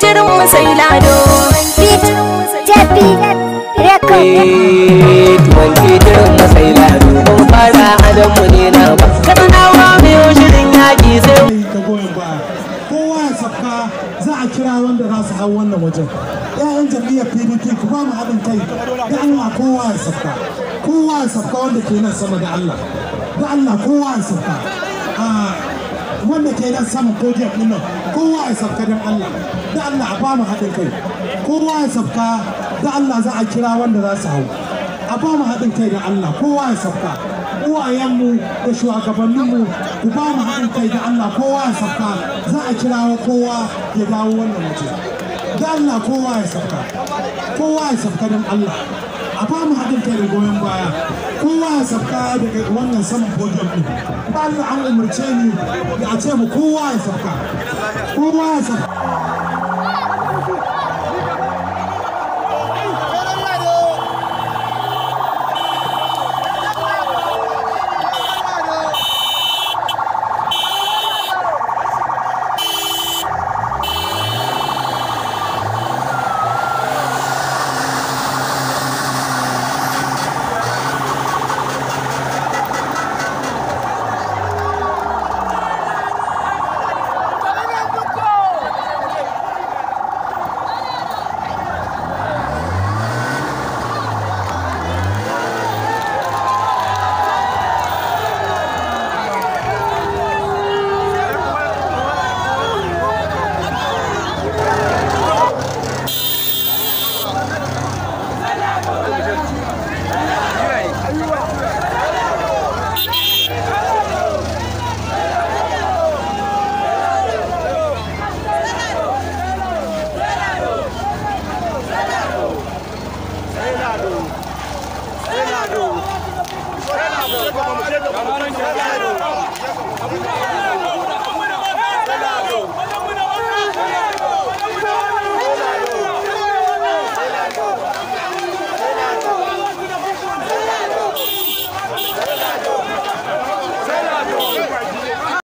jirin lado record ke jirin lado ban fara mu ne na ba mai shirin yaƙi sai kowa ya za a kira wanda za su hau wannan wajen yayan jam'iyyar pdp ku ba mu haɗin kai da allah kowa ya kowa ya wanda ke nan sama da allah da allah kowa ya ke nan sama ko jiya kullum kowa ya safka don Allah da Allah a ba mu haɗin kai kowa ya safka da Allah za a kira wanda za su hau a ba mu haɗin kai da Allah kowa ya safka uwayenmu da shugabanninmu ku ba mu haɗin kai da Allah kowa ya safka za a kira kowa ya dawo wannan mutum da Allah kowa ya safka kowa ya safka don Allah a ba mu haɗin kai da goyon baya kowa ya sabka daga wannan saman podium ɗin ba da an umarce ni da a ce mu kowa ya sabka kowa ya sabka Thank you.